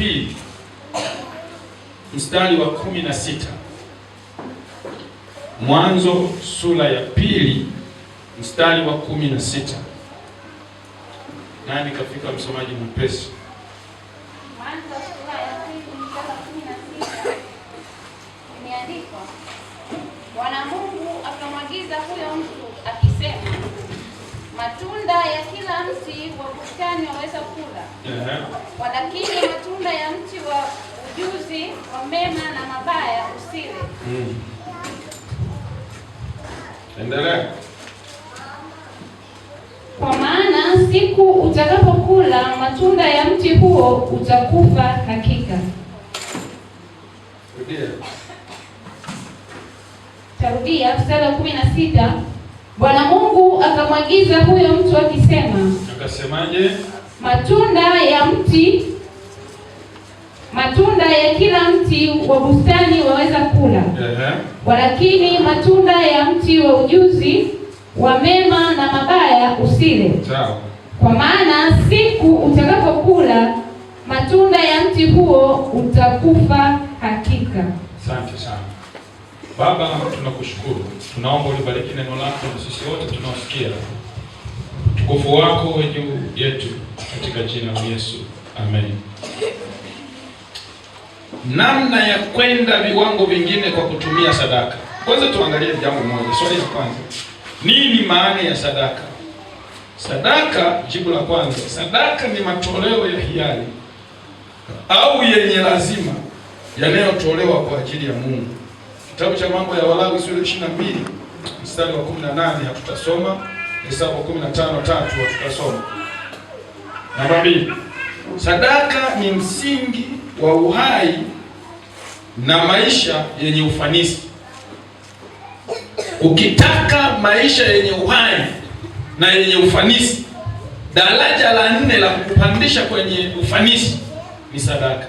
pili mstari wa kumi na sita Mwanzo sura ya pili mstari wa kumi na sita Nani kafika? Msomaji mpesi? Endelea. Kwa maana siku utakapokula matunda ya mti huo utakufa hakika. Tarudia mstari wa kumi na sita. Bwana Mungu akamwagiza huyo mtu akisema, akasemaje? Matunda ya mti matunda ya kila mti wa bustani waweza kula, walakini matunda ya mti wa ujuzi wa mema na mabaya usile, kwa maana siku utakapokula matunda ya mti huo utakufa hakika. Asante sana Baba, tunakushukuru, tunaomba ulibariki neno lako na sisi wote tunaosikia. Utukufu wako ee juu yetu katika jina la Yesu, amen namna ya kwenda viwango vingine kwa kutumia sadaka. Kwanza tuangalie jambo moja, swali la kwanza, nini maana ya sadaka? Sadaka, jibu la kwanza, sadaka ni matoleo ya hiari au yenye lazima yanayotolewa kwa ajili ya Mungu. Kitabu cha Mambo ya Walawi sura 22 mstari wa 18 hatutasoma, Hesabu 15 tatu hatutasoma. Namba mbili, sadaka ni msingi wa uhai na maisha yenye ufanisi. Ukitaka maisha yenye uhai na yenye ufanisi, daraja la nne la kupandisha kwenye ufanisi ni sadaka.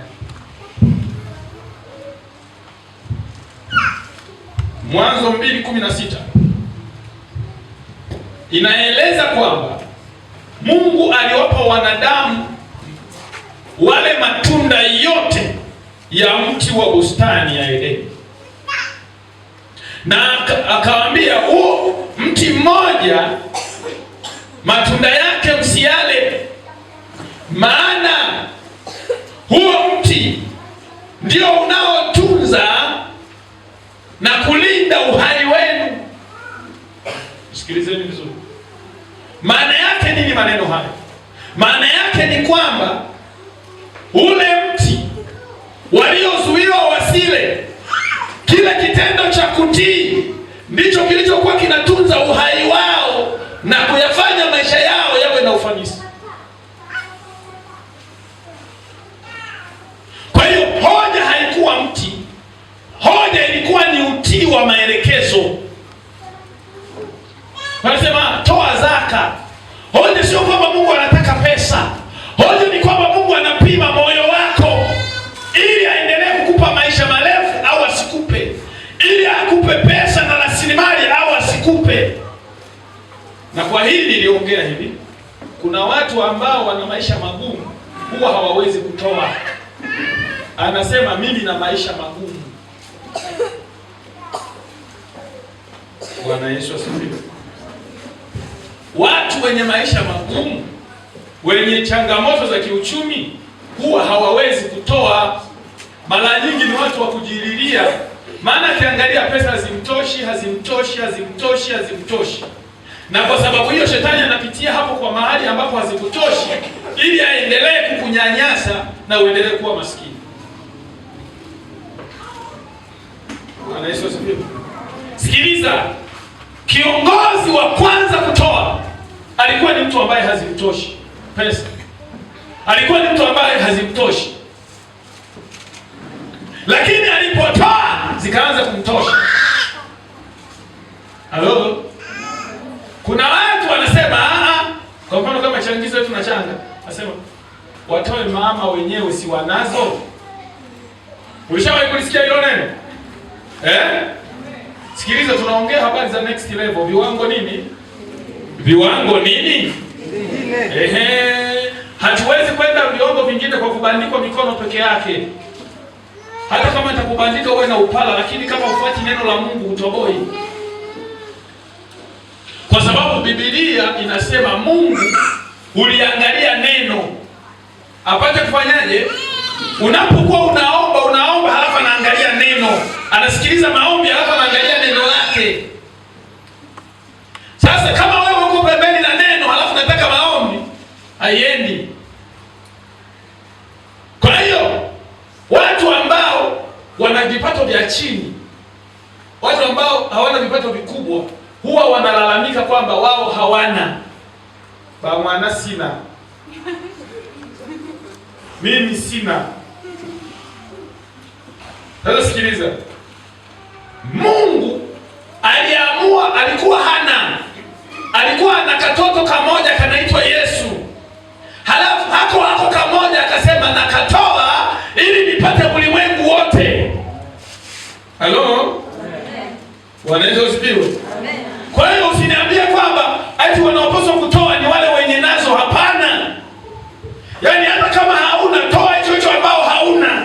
Mwanzo 2:16 inaeleza kwamba Mungu aliwapa wanadamu wale matunda yote ya mti wa bustani ya Edeni, na akawaambia, huu mti mmoja matunda yake msiale, maana huo mti ndio unaotunza na kulinda uhai wenu. Sikilizeni vizuri, maana yake nini maneno haya? Maana yake ni kwamba ule waliozuiwa wasile. Kile kitendo cha kutii ndicho kilichokuwa kinatunza uhai wao na kuyafanya maisha yao yawe na ufanisi. Kwa hiyo hoja haikuwa mti, hoja ilikuwa ni utii wa maelekezo. Na kwa hili niliongea hivi, kuna watu ambao wana maisha magumu huwa hawawezi kutoa. Anasema mimi na maisha magumu. Bwana Yesu asifiwe. Watu wenye maisha magumu, wenye changamoto za kiuchumi huwa hawawezi kutoa. Mara nyingi ni watu wa kujililia, maana akiangalia pesa hazimtoshi, hazimtoshi, hazimtoshi, hazimtoshi na kwa sababu hiyo shetani anapitia hapo kwa mahali ambapo hazikutoshi, ili aendelee kukunyanyasa na uendelee kuwa maskini. Bwana Yesu asifiwe. Sikiliza, kiongozi wa kwanza kutoa alikuwa ni mtu ambaye hazimtoshi pesa, alikuwa ni mtu ambaye hazimtoshi, lakini alipotoa zikaanza kumtosha. Halo? Kuna watu wanasema ah, ah. kwa mfano kama changizo yetu tunachanga, nasema watoe mama wenyewe si wanazo. Ulishawahi kulisikia hilo neno? Eh? Sikiliza, tunaongea habari za next level, viwango nini? Viwango nini? Ehe. Hatuwezi kwenda viwango vingine kwa kubandikwa mikono peke yake. Hata kama itakubandika uwe na upala, lakini kama ufuati neno la Mungu utoboi kwa sababu Biblia inasema Mungu uliangalia neno apate kufanyaje. Unapokuwa unaomba unaomba, halafu anaangalia neno, anasikiliza maombi, halafu anaangalia neno lake. Sasa kama wewe uko pembeni na neno halafu nataka maombi, haiendi. Kwa hiyo watu ambao wana vipato vya chini, watu ambao hawana vipato vikubwa huwa wanalalamika kwamba wao hawana bamwana, sina mimi sina. Sasa sikiliza, Mungu aliamua, alikuwa hana, alikuwa na katoto kamoja kanaitwa Yesu, halafu hako hako kamoja akasema nakatoa ili nipate ulimwengu wote. Halo, wanaweza usipiwe kwa hiyo usiniambie kwamba ati wanaopaswa kutoa ni wale wenye nazo. Hapana, yaani hata kama hauna toa hicho hicho ambao hauna.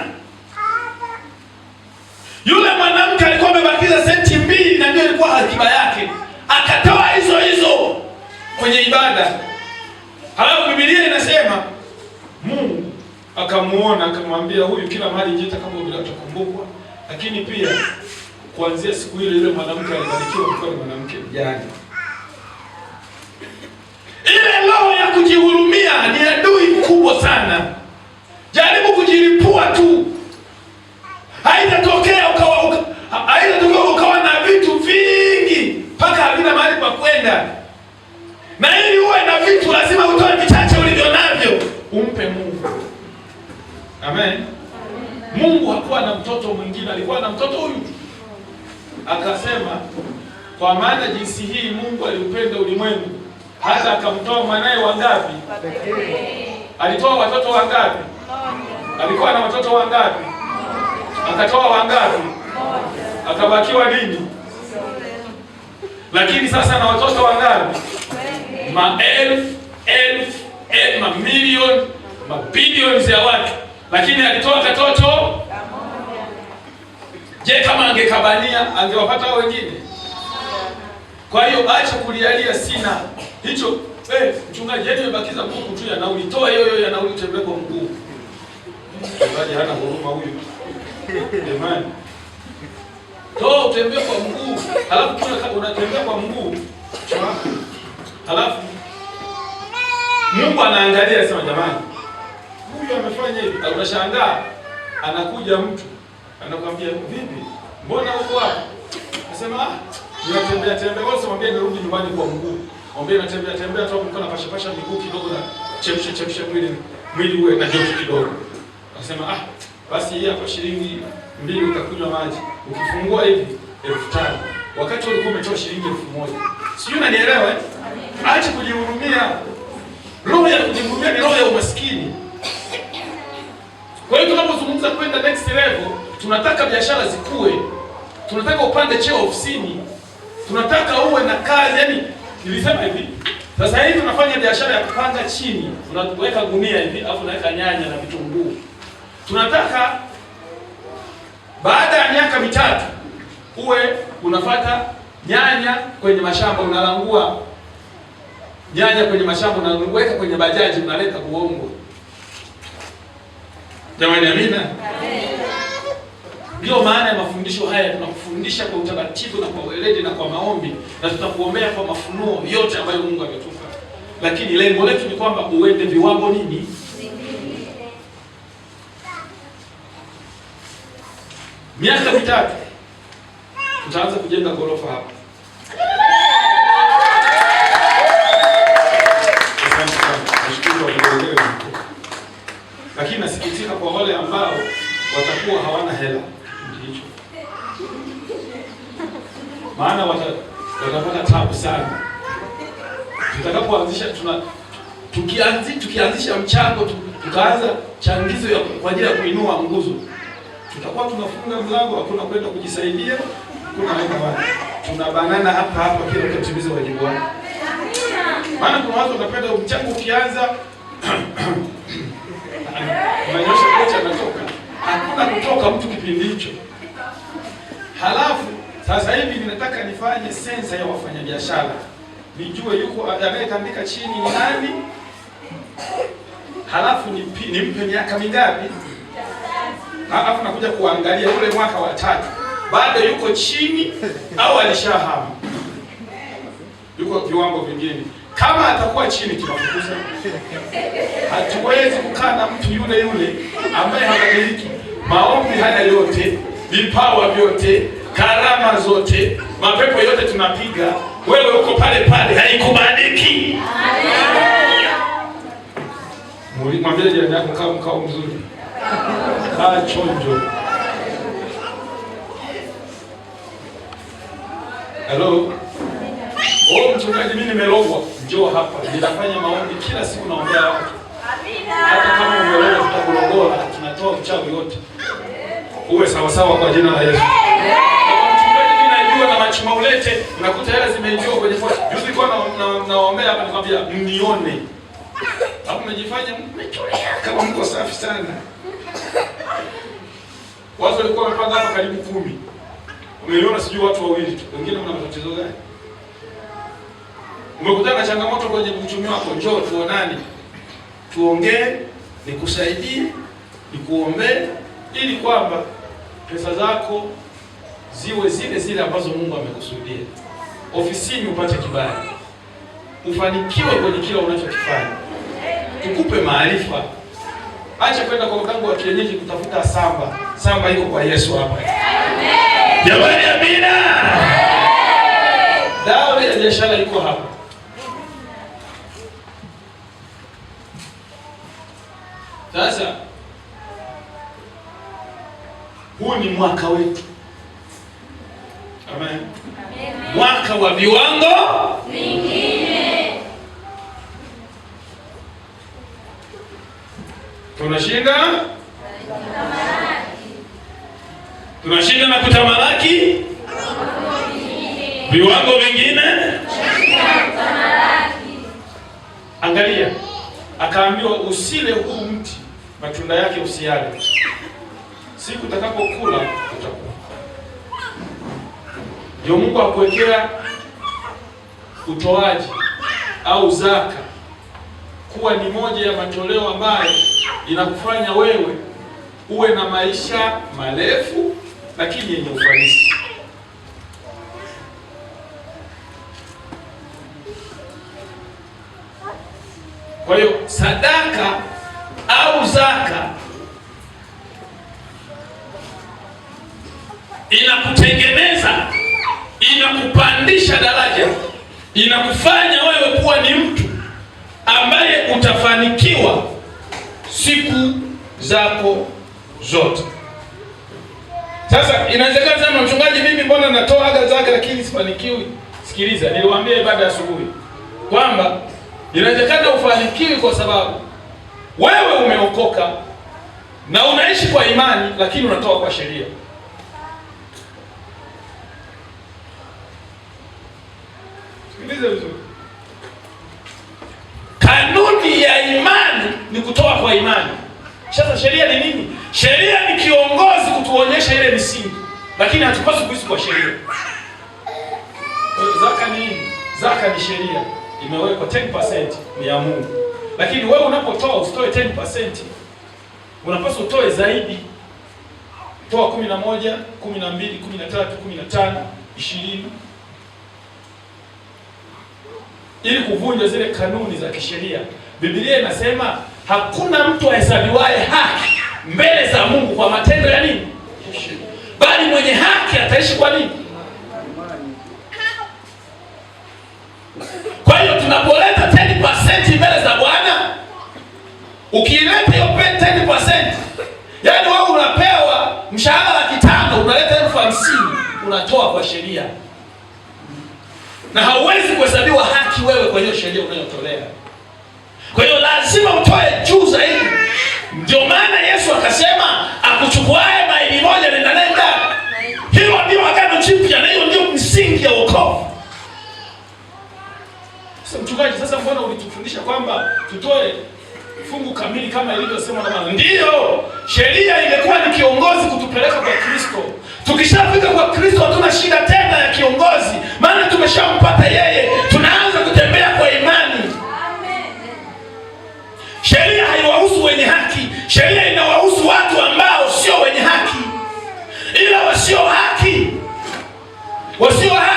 Yule mwanamke alikuwa amebakiza senti mbili, na ndio ilikuwa hakiba yake, akatoa hizo hizo kwenye ibada. Halafu Biblia inasema Mungu akamuona akamwambia, huyu kila mahali jita kama bila kukumbukwa, lakini pia kuanzia siku ile ile mwanamke alibarikiwa kwa mwanamke mjane. Yaani. Ile roho ya kujihurumia ni adui mkubwa sana. Jaribu kujilipua tu, haitatokea ukawa uka, haitatokea ukawa na vitu vingi mpaka havina mahali pa kwenda, na ili uwe na vitu lazima utoe vichache ulivyo navyo umpe Mungu. Amen. Mungu hakuwa na mtoto mwingine, alikuwa na mtoto huyu akasema, kwa maana jinsi hii Mungu aliupenda ulimwengu hata akamtoa mwanaye. Wangapi? Alitoa watoto wangapi? Alikuwa na watoto wangapi? Akatoa wangapi? Akabakiwa nini? Lakini sasa na watoto wangapi? Maelfu elfu eh, mamilioni mabilioni ya watu, lakini alitoa katoto Je, kama angekabania angewapata hao wengine? Kwa hiyo acha kulialia sina hicho. Eh, mchungaji yeye amebakiza buku tu ya nauli, toa hiyo hiyo ya nauli, tembea kwa mguu. Mchungaji hana huruma huyu jamani, toa utembee kwa mguu, halafu kila unatembea kwa mguu halafu Mungu anaangalia, sema jamani, huyu amefanya hivi. Unashangaa anakuja mtu anakuambia vipi, mbona uko wapi? Nasema unatembea tembea. Wewe usimwambie nirudi nyumbani kwa mguu, mwambie natembea tembea tu, mko na pasha pasha miguu kidogo na chemsha chemsha mwili mwili uwe na joto kidogo. Anasema ah, basi hii hapa shilingi mbili utakunywa maji, ukifungua hivi elfu tano wakati ulikuwa umetoa shilingi elfu moja sijui unanielewa eh? Acha kujihurumia. Roho ya kujihurumia ni roho ya umaskini. Kwa hiyo tunapozungumza kwenda next level tunataka biashara zikue, tunataka upande cheo ofisini, tunataka uwe na kazi. Yani nilisema hivi, sasa hivi tunafanya biashara ya kupanga chini, tunaweka gunia hivi afu naweka nyanya na vitunguu. Tunataka baada ya miaka mitatu uwe unafata nyanya kwenye mashamba unalangua nyanya kwenye mashamba unaweka kwenye bajaji unaleta Buhongwe. Jamani, amina. Ndiyo maana ya mafundisho haya, tunakufundisha kwa utaratibu na kwa weledi na kwa maombi, na tutakuombea kwa mafunuo yote ambayo Mungu ametupa, lakini lengo letu ni kwamba uende viwango nini miaka mitatu tutaanza kujenga ghorofa hapa. tukianzi, tukianzisha mchango tukaanza changizo ya kwa ajili ya kuinua nguzo, tutakuwa tunafunga mlango, hakuna kwenda kujisaidia, hakuna kwenda wapi, tunabanana hapa hapa kila kutimiza wajibu wake. Maana kuna watu wanapenda mchango ukianza maisha yote yanatoka, hakuna kutoka mtu kipindi hicho. Halafu sasa hivi ninataka nifanye sensa ya wafanyabiashara, nijue yuko anayetandika chini ni nani halafu nimpe miaka mingapi? Halafu nakuja kuangalia yule mwaka wa tatu bado yuko chini au alishahama, yuko viwango vingine. Kama atakuwa chini, tunafukuza. Hatuwezi kukaa na mtu yule yule ambaye habadiliki. Maombi haya yote, vipawa vyote, karama zote, mapepo yote tunapiga, wewe uko pale pale, haikubaliki. Mwambie jirani yako kaa mkao mzuri, kaa chonjo. Hello. Oh, mchungaji mimi nimelogwa. Njoo hapa. Ninafanya maombi kila siku naombea watu. Hata kama umelogwa tutakulogoa, tunatoa uchawi wote. Uwe sawa sawa kwa jina la Yesu. Mchungaji mimi najua na machimaulete, nakuta hela zimeingiwa kwenye pochi. Juzi kwa naombea hapa nikwambia mnione. Hapo umejifanya kama mko safi sana. Watu walikuwa wamepanga hapa karibu kumi, umeliona sijui watu wawili tu, wengine mna matatizo gani? Umekutana na changamoto kwenye uchumi wako, njoo tuonane, tuongee, nikusaidie, nikuombee ili kwamba pesa zako ziwe zile zile ambazo Mungu amekusudia. Ofisini upate kibali, ufanikiwe kwenye kila unachokifanya ikupe maarifa. Acha kwenda kwa mganga wa kienyeji kutafuta samba. Samba iko kwa Yesu hapa. Jamani, amina. Dawa ya biashara iko hapa. Sasa huu ni mwaka wetu. Amen. Amen. Mwaka wa viwango tunashinda tunashinda na kutamalaki viwango vingine. Angalia, akaambiwa usile huu mti, matunda yake usiale, siku utakapokula utakufa. Ndio Mungu akuwekea utoaji au zaka kuwa ni moja ya matoleo ambayo inakufanya wewe uwe na maisha marefu lakini yenye ufanisi. Kwa hiyo sadaka au zaka inakutengeneza, inakupandisha daraja, inakufanya wewe kuwa ni mtu ambaye utafanikiwa siku zako zote. Sasa inawezekana sana mchungaji, mimi mbona natoa aga zake lakini sifanikiwi? Sikiliza, niliwaambia ibada asubuhi kwamba inawezekana ufanikiwi kwa sababu wewe umeokoka na unaishi kwa imani, lakini unatoa kwa sheria. Sikiliza vizuri. Kanuni ya imani ni kutoa kwa imani. Sasa sheria ni nini? Sheria ni kiongozi kutuonyesha ile misingi, lakini hatupaswi kuishi kwa sheria. Zaka ni nini? Zaka ni sheria imewekwa, 10% ni ya Mungu, lakini wewe unapotoa usitoe 10%, unapaswa utoe zaidi. Toa 11, 12, 13, 15, 20 ili kuvunja zile kanuni za kisheria. Biblia inasema hakuna mtu ahesabiwaye haki mbele za Mungu kwa matendo ya nini, bali mwenye haki ataishi kwa nini? Kwa hiyo tunapoleta 10% mbele za Bwana, ukiileta hiyo 10%, yaani wewe unapewa mshahara wa tano, unaleta elfu hamsini unatoa kwa sheria na hauwezi kuhesabiwa haki wewe kwa hiyo sheria unayotolea. Kwa hiyo lazima utoe juu zaidi. Ndio maana Yesu akasema akuchukuae maili moja nenda nenda. Hilo ndio agano jipya, na hiyo ndio msingi ya wokovu. Sasa mchungaji, sasa mbona ulitufundisha kwamba tutoe fungu kamili kama ilivyosema na Bwana? Ndiyo, sheria imekuwa ni kiongozi kutupeleka kwa Kristo. Tukishafika kwa Kristo hatuna shida tumeshampata yeye, tunaanza kutembea kwa imani. Sheria haiwahusu wenye haki, sheria inawahusu watu ambao sio wenye haki, ila wasio haki wasio haki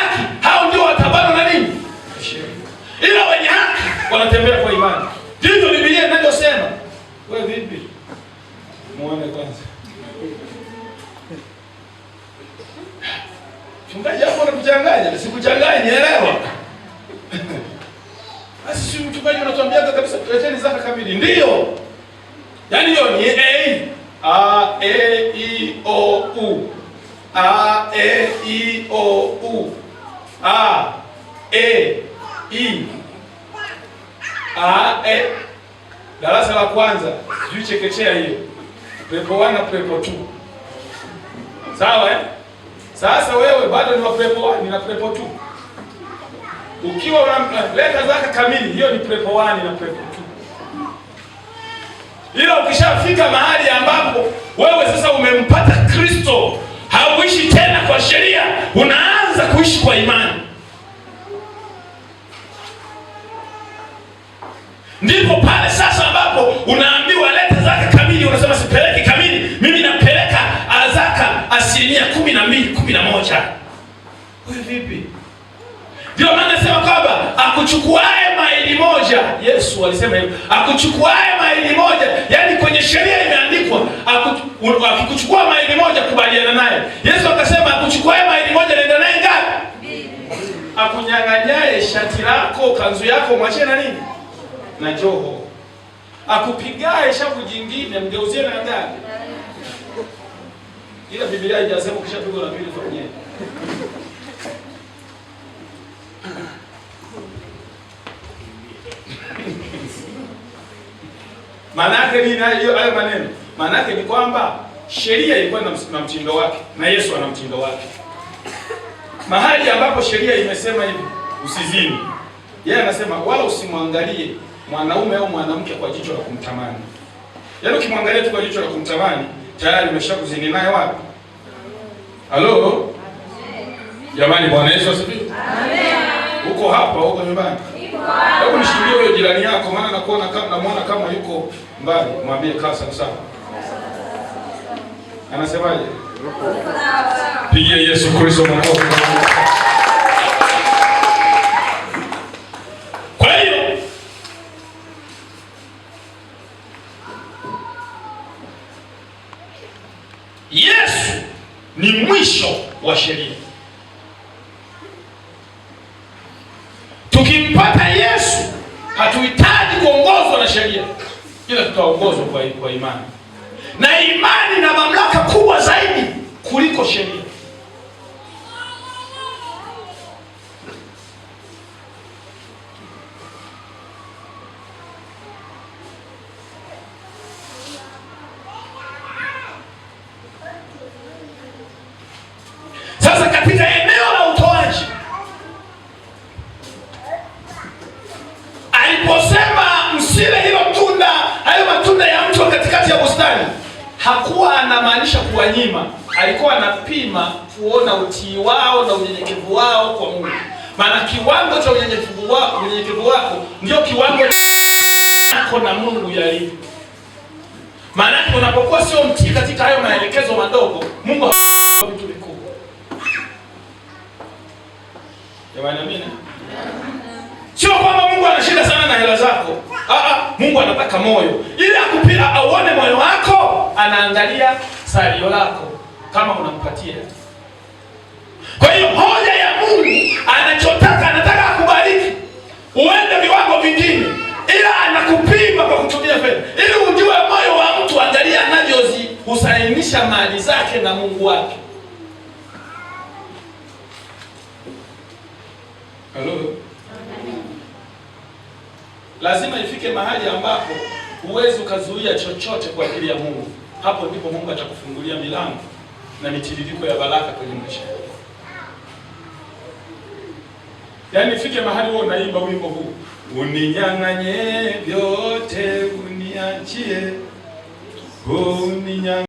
Sikuchanganya, sikuchanganya, elewa. Basi si mchungaji anatuambia kabisa tuleteni zaka kamili. Ndio. Yaani hiyo ni A A E I O U. A E I O U. A E I A E darasa la kwanza, sijui chekechea hiyo. Pepo 1 na pepo 2. Sawa eh? Sasa wewe bado ni wa prepo 1, na prepo 2. Ukiwa unaleta eh, zaka kamili, hiyo ni prepo 1 na prepo 2. Ila ukishafika mahali ambapo akuchukuaye maili moja, yani kwenye sheria imeandikwa akikuchukua maili moja kubaliana naye. Yesu akasema akuchukuaye maili moja nenda naye ngapi? Akunyang'anyaye shati lako kanzu yako mwachie na nini na joho. Akupigaye shavu jingine mgeuzie na ngapi? Ila Biblia haijasema ukishapigwa la pili fanyeje? Maana yake nini hayo maneno? Maana yake ni kwamba sheria ilikuwa na mtindo wake na Yesu ana mtindo wake. Mahali ambapo sheria imesema hivi, usizini, yeye anasema wala usimwangalie mwanaume au mwanamke kwa jicho la kumtamani. Yaani ukimwangalia tu kwa jicho la kumtamani tayari umeshakuzini naye wapi? Halo? Jamani Bwana Yesu asifiwe. Amen. Uko hapa, uko nyumbani. Hebu nishikilie huyo jirani yako, maana nakuona kama namuona kama yuko mbali. Mwambie kaa sawa sawa. Anasemaje? Pigia Yesu Kristo makofi. Yesu ni mwisho wa sheria. Tukimpa Hatuhitaji kuongozwa na sheria, ila tutaongozwa kwa, kwa imani na imani na mamlaka kubwa zaidi kuliko sheria. hakuwa anamaanisha kuwanyima, alikuwa anapima kuona utii wao na unyenyekevu wao kwa Mungu, maana kiwango cha unyenyekevu wako, unyenyekevu wako ndio kiwango chako na Mungu yalivyo. Maana unapokuwa sio mtii katika hayo maelekezo madogo, Mungu vitu vikubwa. Jamani, amina. Sio kwamba Mungu anashinda sana na hela zako Aa, ah, ah, Mungu anataka moyo ili akupila auone moyo wako, anaangalia salio lako kama unampatia. Kwa hiyo hoja ya Mungu anachotaka, anataka akubariki uende viwango vingine, ila anakupima kwa kutumia fedha ili ujue moyo wa mtu, angalia anavyozihusainisha mali zake na Mungu wake. lazima ifike mahali ambapo huwezi ukazuia chochote kwa ajili ya Mungu. Hapo ndipo Mungu atakufungulia milango na mitiririko ya baraka kwenye maisha yako. Yaani ifike mahali wewe unaimba wimbo huu, uninyang'anye vyote uniachie, uninyang'anye